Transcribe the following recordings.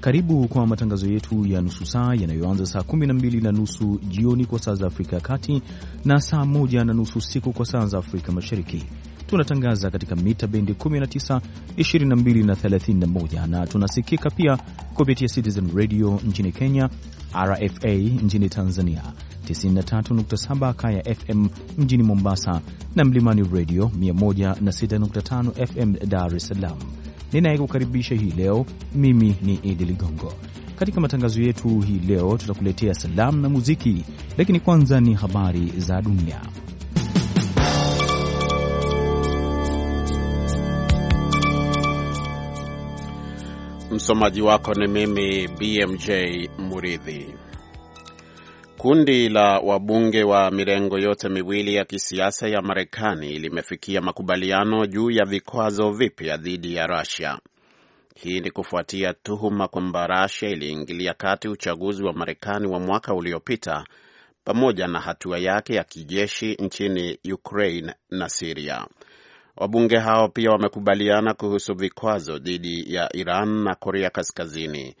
Karibu kwa matangazo yetu ya nusu saa yanayoanza saa 12 na nusu jioni kwa saa za Afrika ya Kati na saa 1 na nusu siku kwa saa za Afrika Mashariki. Tunatangaza katika mita bendi 19, 22 na 31 na tunasikika pia kupitia Citizen Radio nchini Kenya, RFA nchini Tanzania, 93.7 Kaya FM mjini Mombasa na Mlimani Radio 106.5 FM Dar es Salaam ninayekukaribisha hii leo mimi ni Idi Ligongo. Katika matangazo yetu hii leo tutakuletea salamu na muziki, lakini kwanza ni habari za dunia. Msomaji wako ni mimi BMJ Muridhi. Kundi la wabunge wa mirengo yote miwili ya kisiasa ya Marekani limefikia makubaliano juu ya vikwazo vipya dhidi ya Russia. Hii ni kufuatia tuhuma kwamba Russia iliingilia kati uchaguzi wa Marekani wa mwaka uliopita pamoja na hatua yake ya kijeshi nchini Ukraine na siria Wabunge hao pia wamekubaliana kuhusu vikwazo dhidi ya Iran na Korea Kaskazini.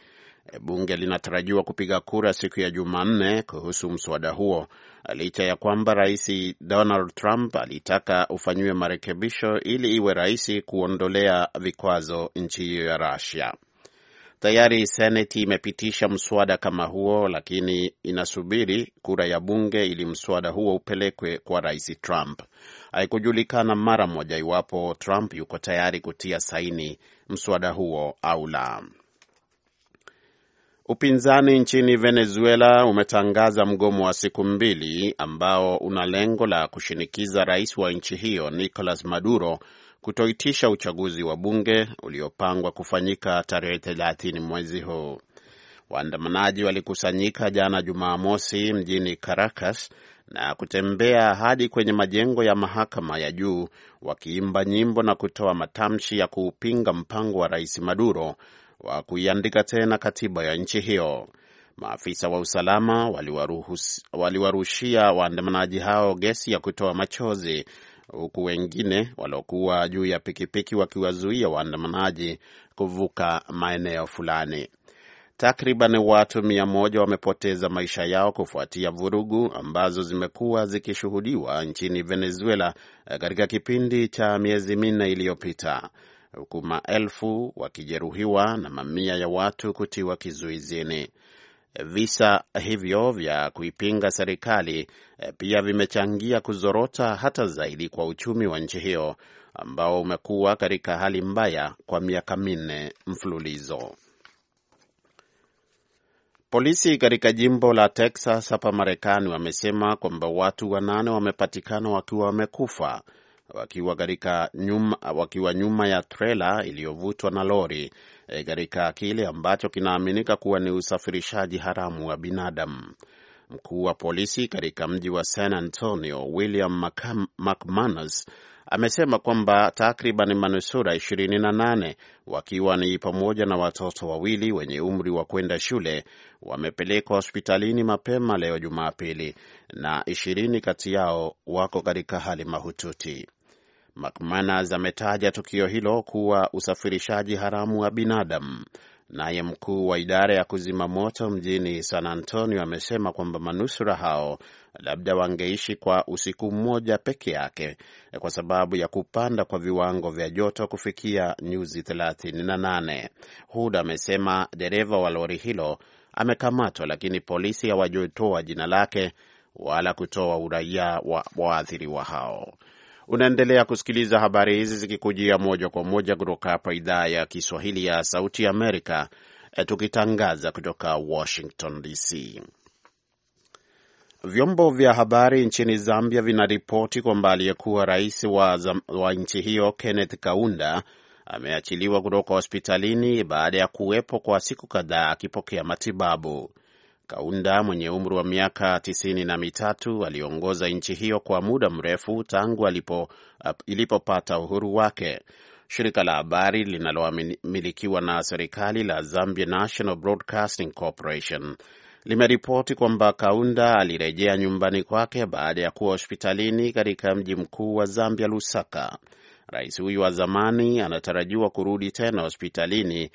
Bunge linatarajiwa kupiga kura siku ya Jumanne kuhusu mswada huo, licha ya kwamba Rais Donald Trump alitaka ufanyiwe marekebisho ili iwe rahisi kuondolea vikwazo nchi hiyo ya rasia Tayari Seneti imepitisha mswada kama huo, lakini inasubiri kura ya bunge ili mswada huo upelekwe kwa Rais Trump. Haikujulikana mara moja iwapo Trump yuko tayari kutia saini mswada huo au la. Upinzani nchini Venezuela umetangaza mgomo wa siku mbili ambao una lengo la kushinikiza rais wa nchi hiyo Nicolas Maduro kutoitisha uchaguzi wa bunge uliopangwa kufanyika tarehe thelathini mwezi huu. Waandamanaji walikusanyika jana Jumamosi mjini Caracas na kutembea hadi kwenye majengo ya mahakama ya juu wakiimba nyimbo na kutoa matamshi ya kuupinga mpango wa rais Maduro wa kuiandika tena katiba ya nchi hiyo. Maafisa wa usalama waliwarushia waandamanaji hao gesi ya kutoa machozi, huku wengine waliokuwa juu ya pikipiki wakiwazuia waandamanaji kuvuka maeneo fulani. Takriban watu mia moja wamepoteza maisha yao kufuatia vurugu ambazo zimekuwa zikishuhudiwa nchini Venezuela eh, katika kipindi cha miezi minne iliyopita huku maelfu wakijeruhiwa na mamia ya watu kutiwa kizuizini. Visa hivyo vya kuipinga serikali eh, pia vimechangia kuzorota hata zaidi kwa uchumi wa nchi hiyo ambao umekuwa katika hali mbaya kwa miaka minne mfululizo. Polisi katika jimbo la Texas hapa Marekani wamesema kwamba watu wanane wamepatikana wakiwa wamekufa wakiwa katika nyuma, wakiwa nyuma ya trela iliyovutwa na lori e, katika kile ambacho kinaaminika kuwa ni usafirishaji haramu wa binadamu. Mkuu wa polisi katika mji wa San Antonio William McManus amesema kwamba takriban manusura 28 wakiwa ni pamoja na watoto wawili wenye umri wa kwenda shule wamepelekwa hospitalini mapema leo Jumapili, na ishirini kati yao wako katika hali mahututi. McManus ametaja tukio hilo kuwa usafirishaji haramu wa binadamu. Naye mkuu wa idara ya kuzima moto mjini San Antonio amesema kwamba manusura hao labda wangeishi kwa usiku mmoja peke yake kwa sababu ya kupanda kwa viwango vya joto kufikia nyuzi 38. Hud amesema dereva wa lori hilo amekamatwa, lakini polisi hawajotoa jina lake wala kutoa uraia wa waathiriwa hao. Unaendelea kusikiliza habari hizi zikikujia moja kwa moja kutoka hapa idhaa ya Kiswahili ya Sauti ya Amerika, eh, tukitangaza kutoka Washington DC. Vyombo vya habari nchini Zambia vinaripoti kwamba aliyekuwa rais wa, wa nchi hiyo Kenneth Kaunda ameachiliwa kutoka hospitalini baada ya kuwepo kwa siku kadhaa akipokea matibabu. Kaunda mwenye umri wa miaka tisini na mitatu aliongoza nchi hiyo kwa muda mrefu tangu alipo, ilipopata uhuru wake. Shirika la habari linalomilikiwa na serikali la Zambia National Broadcasting Corporation limeripoti kwamba Kaunda alirejea nyumbani kwake baada ya kuwa hospitalini katika mji mkuu wa Zambia, Lusaka. Rais huyu wa zamani anatarajiwa kurudi tena hospitalini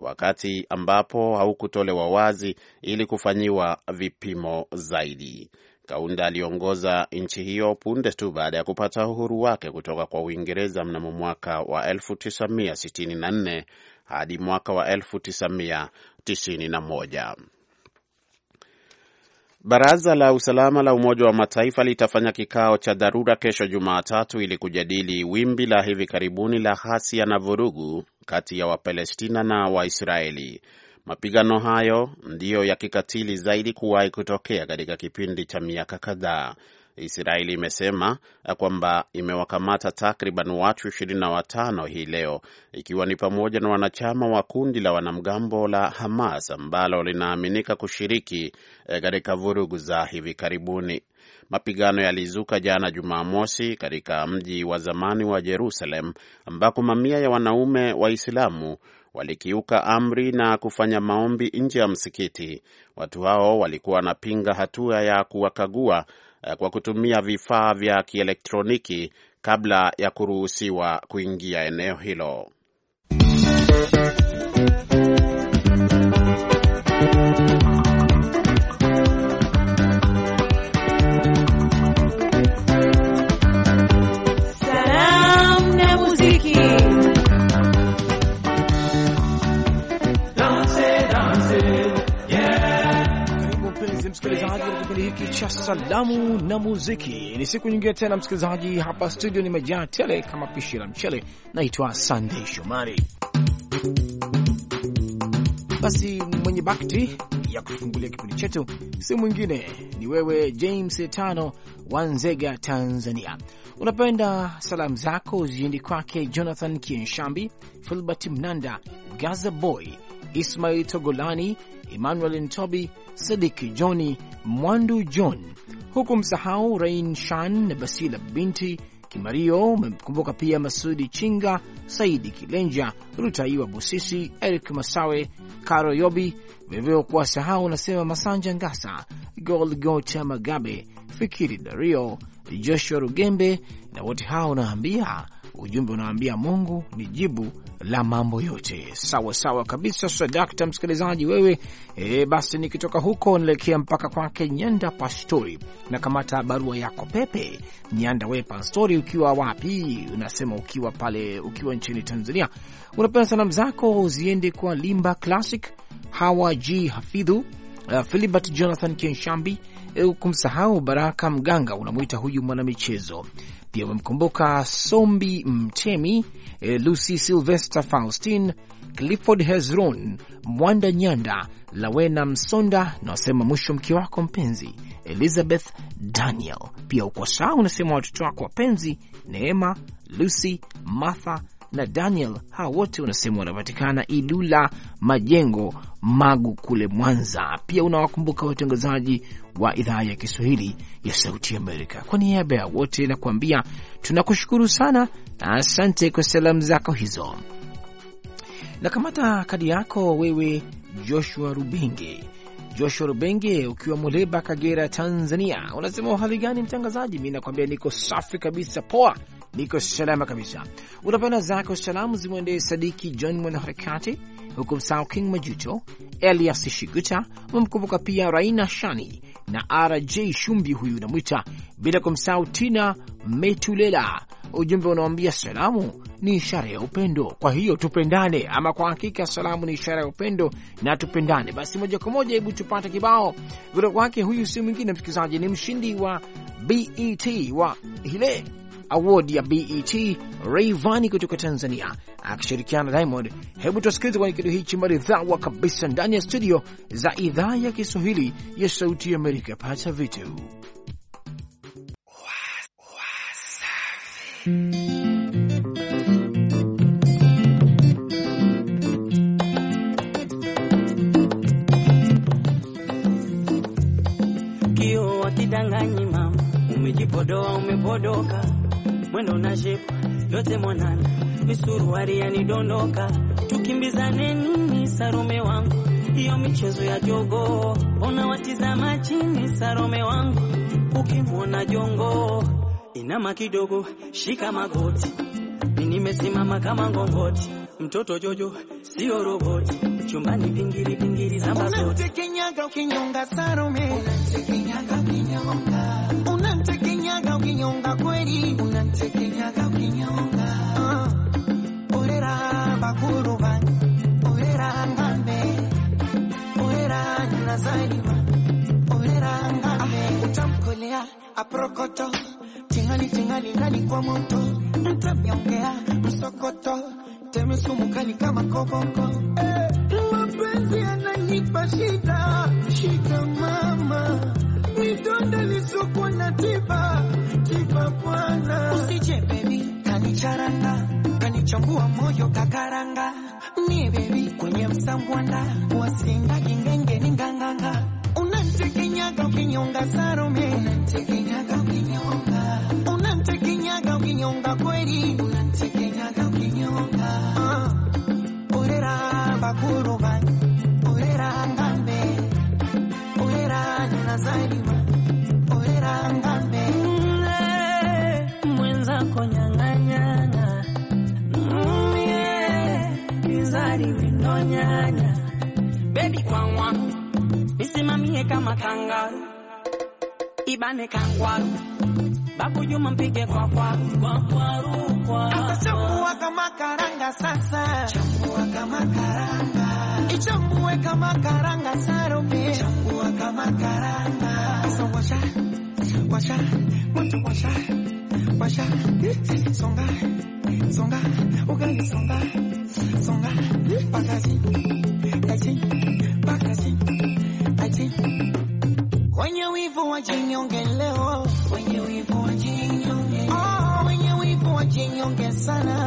wakati ambapo haukutolewa wazi ili kufanyiwa vipimo zaidi. Kaunda aliongoza nchi hiyo punde tu baada ya kupata uhuru wake kutoka kwa Uingereza mnamo mwaka wa 1964 hadi mwaka wa 1991. Baraza la usalama la Umoja wa Mataifa litafanya kikao cha dharura kesho Jumatatu ili kujadili wimbi la hivi karibuni la ghasia na vurugu kati ya Wapalestina na Waisraeli. Mapigano hayo ndiyo ya kikatili zaidi kuwahi kutokea katika kipindi cha miaka kadhaa. Israeli imesema kwamba imewakamata takriban watu ishirini na watano hii leo ikiwa ni pamoja na wanachama wa kundi la wanamgambo la Hamas ambalo linaaminika kushiriki eh, katika vurugu za hivi karibuni. Mapigano yalizuka jana Jumamosi katika mji wa zamani wa Jerusalem ambako mamia ya wanaume Waislamu walikiuka amri na kufanya maombi nje ya msikiti. Watu hao walikuwa wanapinga hatua ya kuwakagua eh, kwa kutumia vifaa vya kielektroniki kabla ya kuruhusiwa kuingia eneo hilo. na muziki. Ni siku nyingine tena, msikilizaji, hapa studio nimejaa tele kama pishi la mchele. Naitwa sandey Shomari. Basi mwenye bakti ya kufungulia kipindi chetu si mwingine ni wewe James Tano wa Nzega, Tanzania. Unapenda salamu zako ziende kwake Jonathan Kienshambi, Filbert Mnanda, Gaza Boy, Ismail Togolani, Emmanuel Ntobi, Sadik Johni Mwandu, John huku msahau Rain Shan na Basila binti Kimario. Mmemkumbuka pia Masudi Chinga, Saidi Kilenja, Rutaiwa Busisi, Eric Masawe, Karo Yobi, vilevile sahau nasema Masanja Ngasa, Golgota Magabe, Fikiri Dario, Joshua Rugembe, na wote hao unaambia Ujumbe unaambia Mungu ni jibu la mambo yote. Sawa sawa kabisa, Sadakta msikilizaji wewe. E, basi nikitoka huko naelekea mpaka kwake Nyanda Pastori na kamata barua yako pepe. Nyanda we Pastori, ukiwa wapi? Unasema ukiwa pale, ukiwa nchini Tanzania. Unapenda salamu zako ziende kwa Limba Classic, Hawa G Hafidhu, uh, Philibert Jonathan Kenshambi, uh, kumsahau Baraka Mganga, unamwita huyu mwanamichezo pia wamemkumbuka Sombi Mtemi, eh, Lucy Sylvester, Faustin Clifford, Hezron Mwanda, Nyanda Lawena Msonda na wasema mwisho mke wako mpenzi Elizabeth Daniel. Pia uko sawa, unasema watoto wako wapenzi Neema, Lucy, Martha na Daniel, hawa wote unasema wanapatikana Ilula Majengo Magu kule Mwanza. Pia unawakumbuka watangazaji wa idhaa ya Kiswahili ya Sauti Amerika. Kwa niaba ya wote nakuambia tunakushukuru sana na asante kwa salamu zako hizo. Nakamata kadi yako wewe, Joshua Rubenge. Joshua Rubenge, ukiwa Muleba, Kagera, Tanzania, unasema uhali gani mtangazaji? Mi nakwambia niko safi kabisa, poa niko salama kabisa. Unapenda zako salamu zimwendee Sadiki John mwanaharakati, huku msao King Majuto, Elias Shiguta umemkumbuka pia Raina Shani na RJ Shumbi, huyu unamwita bila kumsahau Tina Metulela. Ujumbe unawaambia salamu ni ishara ya upendo, kwa hiyo tupendane. Ama kwa hakika salamu ni ishara ya upendo na tupendane. Basi moja kwa moja, hebu tupate kibao kutoka kwake. Huyu si mwingine msikilizaji, ni mshindi wa BET wa hile award ya BET Rayvanny kutoka Tanzania akishirikiana na Diamond. Hebu tusikilize kwenye kitu hichi maridhawa kabisa ndani ya studio za idhaa ya Kiswahili ya Sauti ya Amerika. Pata vitu kio wakidanganyi mama, umejipodoa umepodoka mwendo na shepu yote mwanana, misuruari yanidondoka, tukimbizane nini sarume wangu, hiyo michezo ya jogoo, ona watizama chini Sarome wangu, ukimwona jongo inama kidogo, shika magoti, nimesimama kama ngongoti, mtoto Jojo sio roboti, chumbani vingiri vingiri za magoti, unatekenyaga ukinyonga sarume, unatekenyaga ukinyonga kinyonga kweli, unanitekeaga kinyonga uh. Olera bakuru bani, olera ngambe, olera nazaliwa, olera ngambe ah, utamkolea aprokoto tingali tingali ndani kwa moto ntamnyongea msokoto temesu mukali kama koboko eh, mapenzi yananipa shida shida mama vidonda lisoko na tiba, tiba bwana. Usiche baby, kanicharanga, kanichambua moyo kakaranga. Ni baby kwenye msambwana, wasinda gingenge ni nganganga. Unanitekenyaga ukinyonga Salome, unanitekenyaga ukinyonga, unanitekenyaga ukinyonga kweli. Kane kangwaru Babu Juma mpige kwa kwaru kwa kwaru kwa Asa kama karanga sasa Chambua kama karanga Ichambue kama karanga sarupi Chambua kama karanga Asa washa washa Mwato washa washa Songa songa Ugali songa songa Pakazi Kazi wanyonge leo, wenye wivu wanyonge ah, sana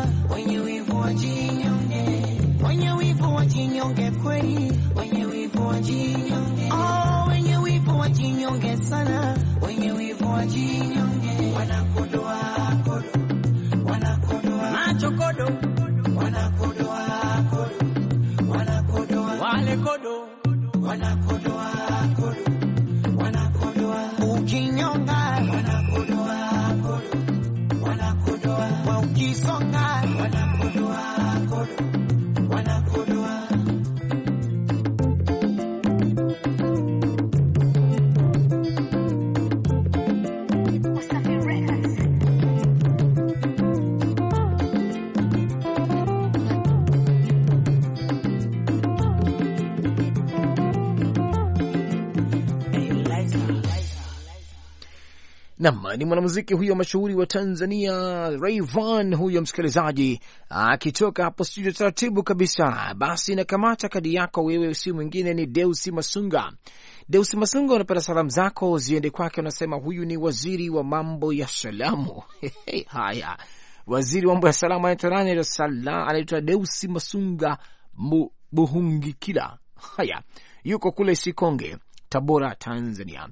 Nam ni mwanamuziki huyo mashuhuri wa Tanzania Rayvan huyo msikilizaji, akitoka hapo studio taratibu kabisa. Basi nakamata kadi yako wewe, si mwingine ni Deusi Masunga. Deusi Masunga, unapenda salamu zako ziende kwake, unasema huyu ni waziri wa mambo ya salamu. Haya, waziri wa mambo ya salamu anaitwa nani? Anaitwa Deusi Masunga Buhungikila. Haya, yuko kule Sikonge, Tabora, Tanzania.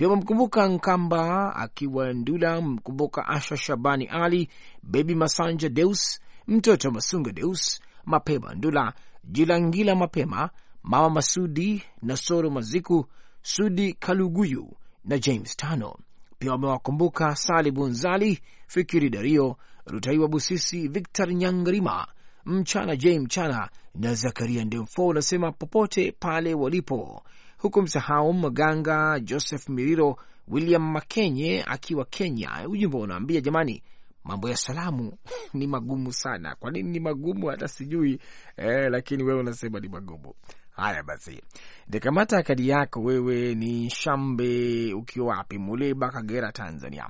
Pia wamemkumbuka Nkamba akiwa Ndula, mkumbuka Asha Shabani Ali, Bebi Masanja Deus, mtoto Masunga Deus, Mapema Ndula, Jilangila Mapema, Mama Masudi, Nasoro Maziku, Sudi Kaluguyu na James Tano. Pia wamewakumbuka Sali Bunzali, Fikiri Dario, Rutaiwa Busisi, Victor Nyangrima, Mchana J Mchana na Zakaria Ndemfo, unasema popote pale walipo huku msahau mganga Joseph Miriro William Makenye akiwa Kenya. Ujumbe unaambia jamani, mambo ya salamu ni magumu sana. Kwa nini ni magumu? Hata sijui eh, lakini wewe unasema ni magumu. Haya basi, ndikamata kadi yako. Wewe ni Shambe, ukiwa wapi? Muleba, Kagera, Tanzania.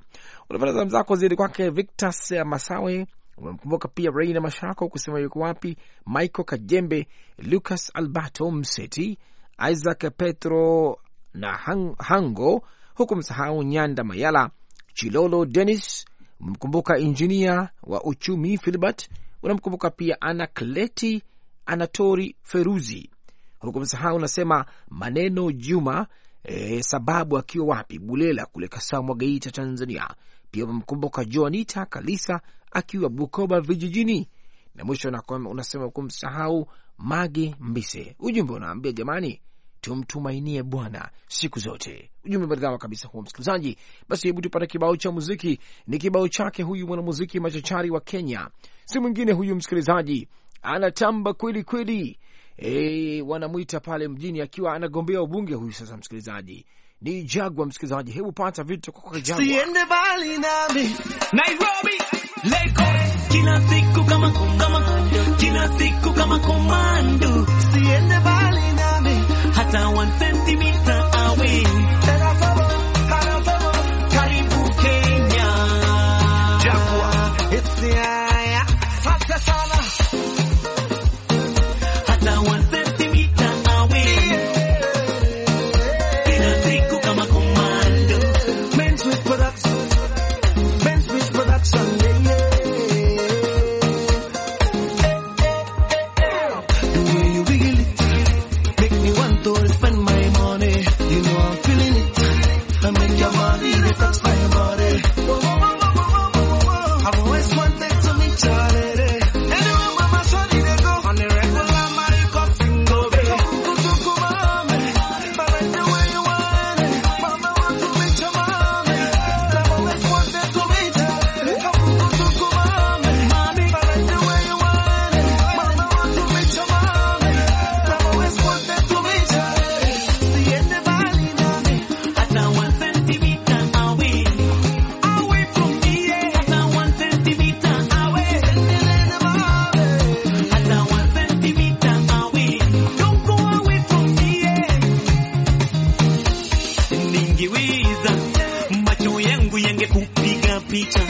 Unapata salamu zako ziende kwake Victas Masawe, umemkumbuka pia Reina Mashako, kusema yuko wapi, Michael Kajembe, Lucas Alberto Mseti Isaac Petro na hang, Hango, huku msahau Nyanda Mayala, Chilolo denis unamkumbuka injinia wa uchumi Filbert, unamkumbuka pia Anakleti Anatori Feruzi, huku msahau unasema maneno Juma e, sababu akiwa wapi Bulela kule Kasamwa, Geita, Tanzania. Pia unamkumbuka Joanita Kalisa akiwa Bukoba vijijini na mwisho unasema kumsahau Mage Mbise. Ujumbe unaambia jamani, tumtumainie Bwana siku zote. Ujumbe maridhawa kabisa huo, msikilizaji. Basi hebu tupate kibao cha muziki, ni kibao chake huyu mwanamuziki machachari wa Kenya, si mwingine huyu, msikilizaji, anatamba kweli kweli. E, wanamwita pale mjini akiwa anagombea ubunge huyu. Sasa msikilizaji, ni Jagwa. Msikilizaji, hebu pata vitu kwa Jagwa. Siende bali nami Nairobi kila siku kama kama kila siku kama komando siende bali meter, one centimeter. ningeweza macho yangu yangekupiga picha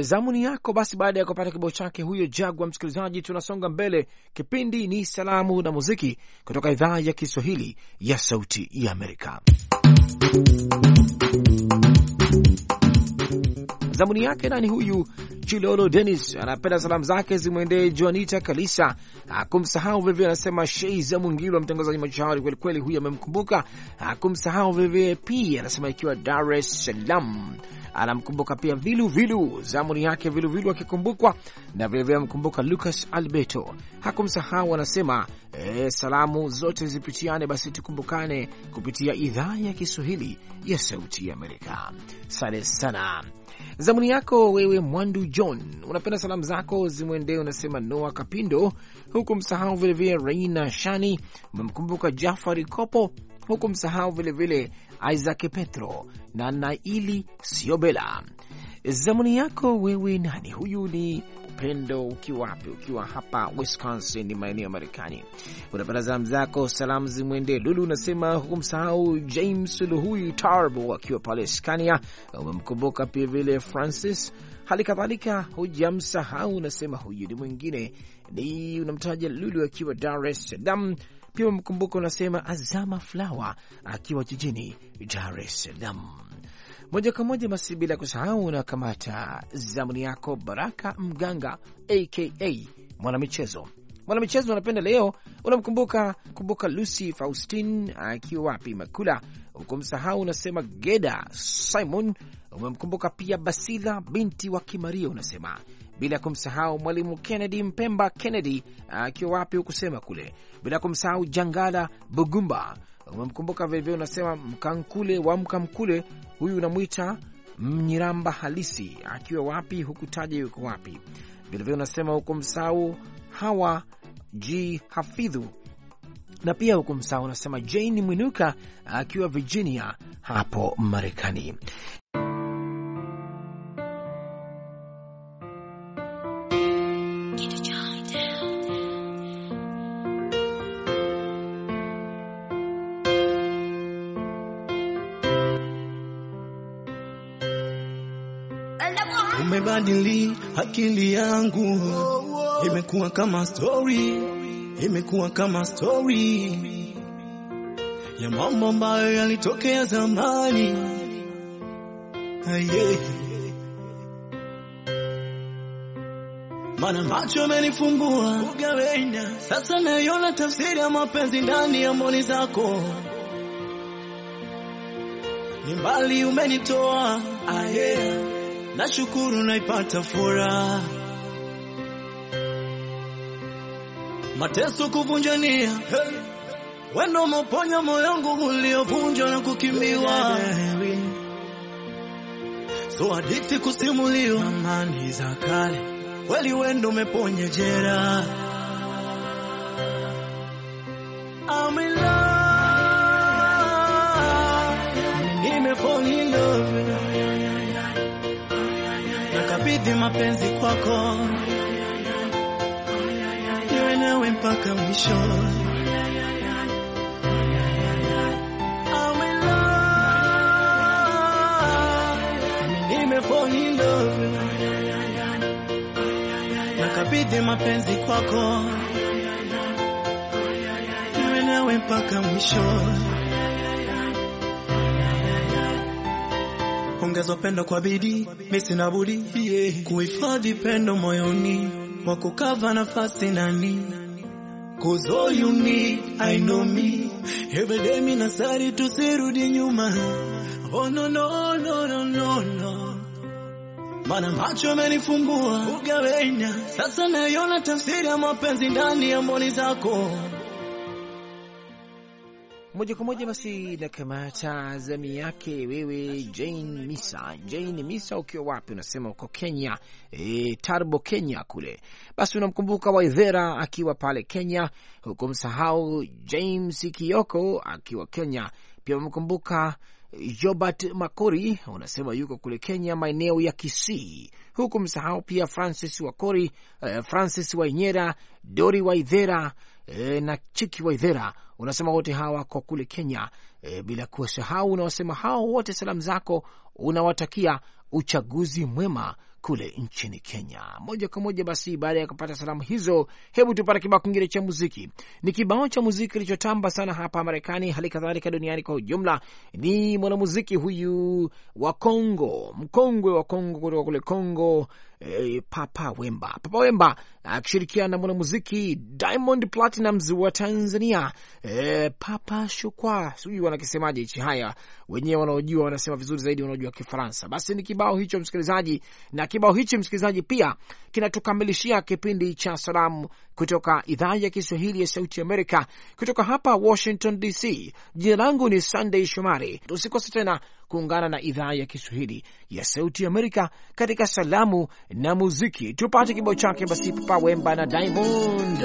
Eh, zamuni yako. Basi baada ya kupata kibao chake huyo Jagwa, msikilizaji, tunasonga mbele. Kipindi ni salamu na muziki kutoka idhaa ya Kiswahili ya Sauti ya Amerika. zamuni yake nani huyu? Chilolo Denis anapenda salamu zake zimwendee Joanita Kalisa, akumsahau vilevile. Anasema Shei za Mwingilwa, mtangazaji machari kwelikweli, huyu amemkumbuka, akumsahau vilevile. Pia anasema ikiwa Dar es Salaam anamkumbuka pia Viluvilu, zamuni yake Viluvilu akikumbukwa na vilevile amkumbuka Lucas Alberto, hakumsahau anasema e, salamu zote zipitiane, basi tukumbukane kupitia idhaa ya Kiswahili ya Sauti ya Amerika. Sante sana. Zamuni yako wewe Mwandu John, unapenda salamu zako zimwendee, unasema Noa Kapindo, huku msahau vilevile Reina Shani, umemkumbuka Jafari Kopo huku msahau vilevile Isaac Petro na Naili Siobela. Zamuni yako wewe nani? Huyu ni Upendo ukiwa wapi? Ukiwa hapa Wisconsin, ni maeneo ya Marekani. Unapata zamu zako, salamu zimwende Lulu, unasema msahau James Luhui Tarbo akiwa pale Scania. Umemkumbuka pia vile Francis, hali kadhalika hujamsahau, unasema huyu ni mwingine ni unamtaja Lulu akiwa Dar es Salaam pia wamkumbuka unasema Azama Flower akiwa jijini Dar es Salaam moja kwa moja. Basi bila kusahau, na kamata zamuni yako Baraka Mganga aka mwanamichezo. Mwanamichezo anapenda leo unamkumbuka kumbuka Lucy Faustin akiwa wapi Makula ukumsahau unasema Geda Simon, umemkumbuka pia Basila binti wa Kimaria unasema, bila ya kumsahau mwalimu Kennedy Mpemba Kennedy akiwa wapi hukusema kule, bila kumsahau Jangala Bugumba umemkumbuka vilevile, unasema Mkankule wa Mkamkule, huyu unamwita Mnyiramba halisi akiwa wapi, hukutaja yuko wapi. Vilevile unasema hukumsahau hawa G Hafidhu na pia huku msaa unasema Jane Mwinuka akiwa Virginia hapo Marekani. Umebadili akili yangu, imekuwa kama stori imekuwa kama story ya mambo ambayo yalitokea zamani. Aye, mana macho amenifumbua ugawenda, sasa naiona tafsiri ya mapenzi ndani ya moni zako. Ni mbali umenitoa, aye, nashukuru naipata furaha mateso kuvunjania Wendo moponya moyo wangu uliovunjwa na kukimbiwa, so adikti kusimuliwa amani za kale, kweli wendo umeponya jera nakabidhi mapenzi kwako mwanzoni mpaka mwishoni. Nakabidhi mapenzi kwako niwe nawe mpaka mwishoni. Ongeza pendo kwa bidii, mimi sina budi kuhifadhi pendo moyoni, wakukava nafasi nani Cause all you need, I know me. Every day me nasari to nyuma. Oh no no no no no no. Mana macho amenifumbua ugawenya. Sasa nayona tafsiri ya mapenzi ndani ya mboni zako moja kwa moja basi na kamata zamu yake wewe Jane Misa. Jane Misa, ukiwa wapi? Unasema uko Kenya, e, Tarbo Kenya kule. Basi unamkumbuka Waithera akiwa pale Kenya, huku msahau James Kioko akiwa Kenya pia, unamkumbuka Jobat Makori, unasema yuko kule Kenya maeneo ya Kisii, huku msahau pia Francis Wakori, e, Francis Wainyera, Dori Waithera e, na Chiki Waithera unasema wote hawa wako kule Kenya e, bila kuwasahau unawasema hao wote salamu zako unawatakia uchaguzi mwema kule nchini Kenya. Moja kwa moja basi, baada ya kupata salamu hizo, hebu tupate kibao kingine cha muziki. Ni kibao cha muziki kilichotamba sana hapa Marekani, hali kadhalika duniani kwa ujumla. Ni mwanamuziki huyu wa Kongo, mkongwe wa Kongo, kutoka kule Kongo eh, Papa Wemba. Papa Wemba akishirikiana na mwanamuziki Diamond Platnumz wa Tanzania eh, Papa Shukwa, sijui wanakisemaje hichi. Haya, wenyewe wanaojua wanasema vizuri zaidi, wanaojua Kifaransa. Basi ni kibao hicho msikilizaji, na kibao hichi msikilizaji pia kinatukamilishia kipindi cha salamu kutoka idhaa ya Kiswahili ya Sauti Amerika, kutoka hapa Washington DC. Jina langu ni Sunday Shomari. Usikose tena kuungana na idhaa ya Kiswahili ya Sauti Amerika katika salamu na muziki. Tupate kibao chake basi, Papa Wemba na Diamond.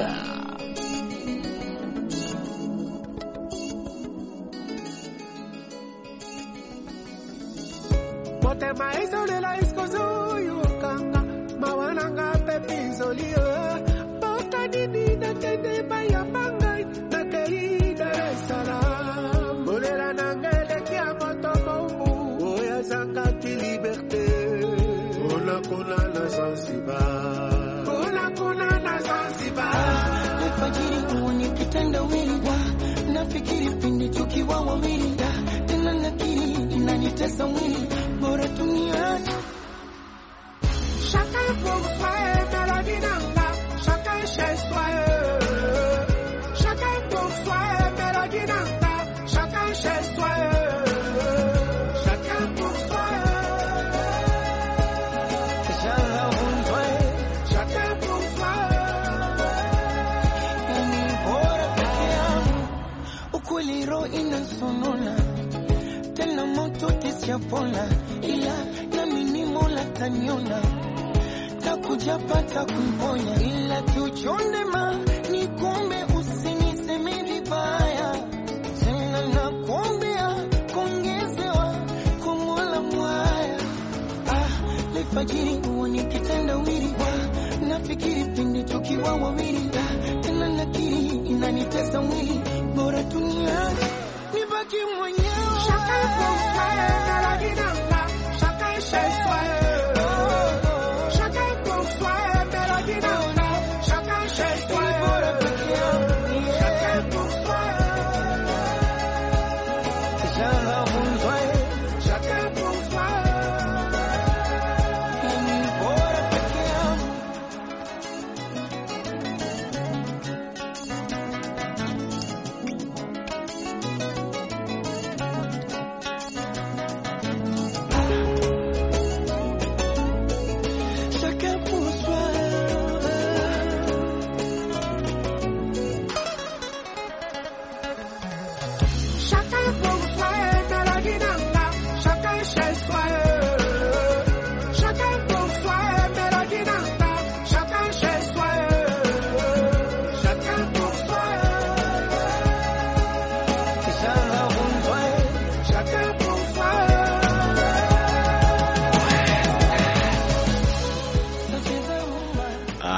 nite sauni bora dunia Mola, ila nami ni Mola taniona, takujapata kumponya, ila ma ni kumbe, usiniseme vibaya tena, nakuombea kuongezewa kumula mwaya. Ah, lefajiri huwa kitenda wiri wa nafikiri pindi tukiwa wawili ah, tena nakiri inanitesa mwili, bora dunia nibaki mwenyewe.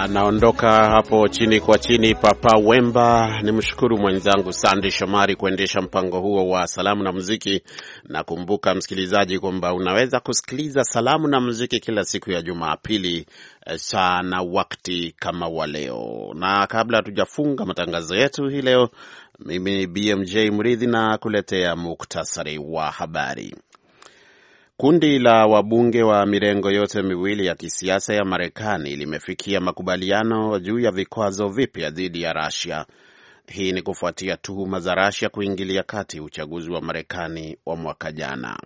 anaondoka hapo chini kwa chini. Papa Wemba, ni mshukuru mwenzangu Sandi Shomari kuendesha mpango huo wa salamu na muziki, na kumbuka msikilizaji kwamba unaweza kusikiliza salamu na muziki kila siku ya Jumapili eh, saa na wakati kama wa leo. Na kabla hatujafunga matangazo yetu hii leo, mimi BMJ Mridhi na kuletea muktasari wa habari. Kundi la wabunge wa mirengo yote miwili ya kisiasa ya Marekani limefikia makubaliano juu ya vikwazo vipya dhidi ya Russia. Hii ni kufuatia tuhuma za Russia kuingilia kati uchaguzi wa Marekani wa mwaka jana.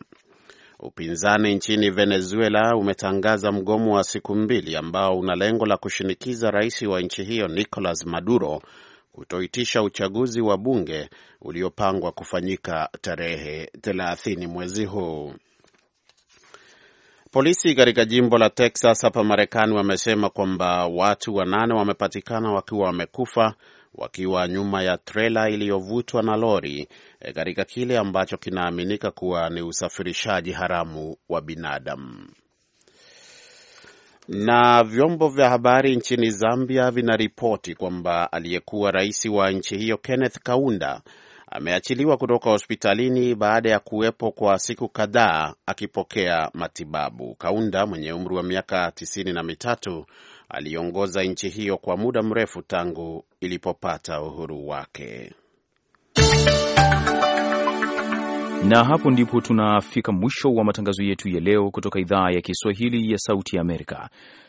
Upinzani nchini Venezuela umetangaza mgomo wa siku mbili ambao una lengo la kushinikiza rais wa nchi hiyo Nicolas Maduro kutoitisha uchaguzi wa bunge uliopangwa kufanyika tarehe 30 mwezi huu. Polisi katika jimbo la Texas hapa Marekani wamesema kwamba watu wanane wamepatikana wakiwa wamekufa wakiwa nyuma ya trela iliyovutwa na lori e, katika kile ambacho kinaaminika kuwa ni usafirishaji haramu wa binadamu. Na vyombo vya habari nchini Zambia vinaripoti kwamba aliyekuwa rais wa nchi hiyo Kenneth Kaunda ameachiliwa kutoka hospitalini baada ya kuwepo kwa siku kadhaa akipokea matibabu. Kaunda mwenye umri wa miaka tisini na mitatu aliongoza nchi hiyo kwa muda mrefu tangu ilipopata uhuru wake. Na hapo ndipo tunafika mwisho wa matangazo yetu ya leo kutoka idhaa ya Kiswahili ya Sauti ya Amerika.